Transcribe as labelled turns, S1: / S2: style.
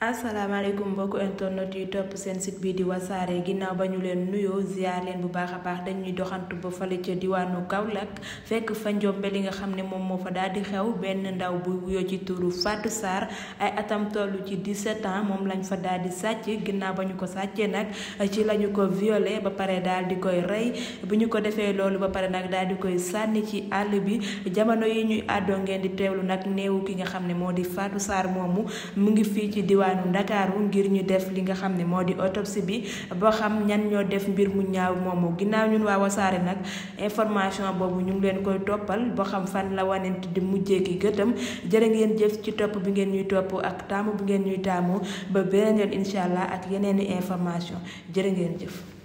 S1: asalaamaaleykum mbokku internet yi topp seen site bii di wasaare ginnaaw ba ñu leen nuyoo ziar leen bu baax a baax dañuy doxantu ba fale ca diwaanu Kaolack fekk fa njombe li nga xam ne moom moo fa daal di xew benn ndaw bu wuyoo ci turu Fatou saar ay atam toll ci di ans moom lañ fa daal di sàcc ginnaaw ba ñu ko sàccee nag ci lañu ko violé ba pare daal di koy rey bu ñu ko defee loolu ba pare nag daal di koy sànni ci àll bi jamono yi ñuy àddoo ngeen di teewlu nag néewu ki nga xam ne moo di Fatou Sarr moomu mu ngi fii ci diwaan diwaanu ndakaaru ngir ñu def li nga xam ne moo di autopsie bi boo xam ñan ñoo def mbir mu ñaaw moomu ginnaaw ñun waa wasaare nag information boobu ñu ngi leen koy toppal ba xam fan la wanent di mujjee ki gëtam jërë ngeen jëf ci topp bi ngeen ñuy topp ak taamu bi ngeen ñuy taamu ba beneen yoon incha allah ak yeneen i information jërë ngeen jëf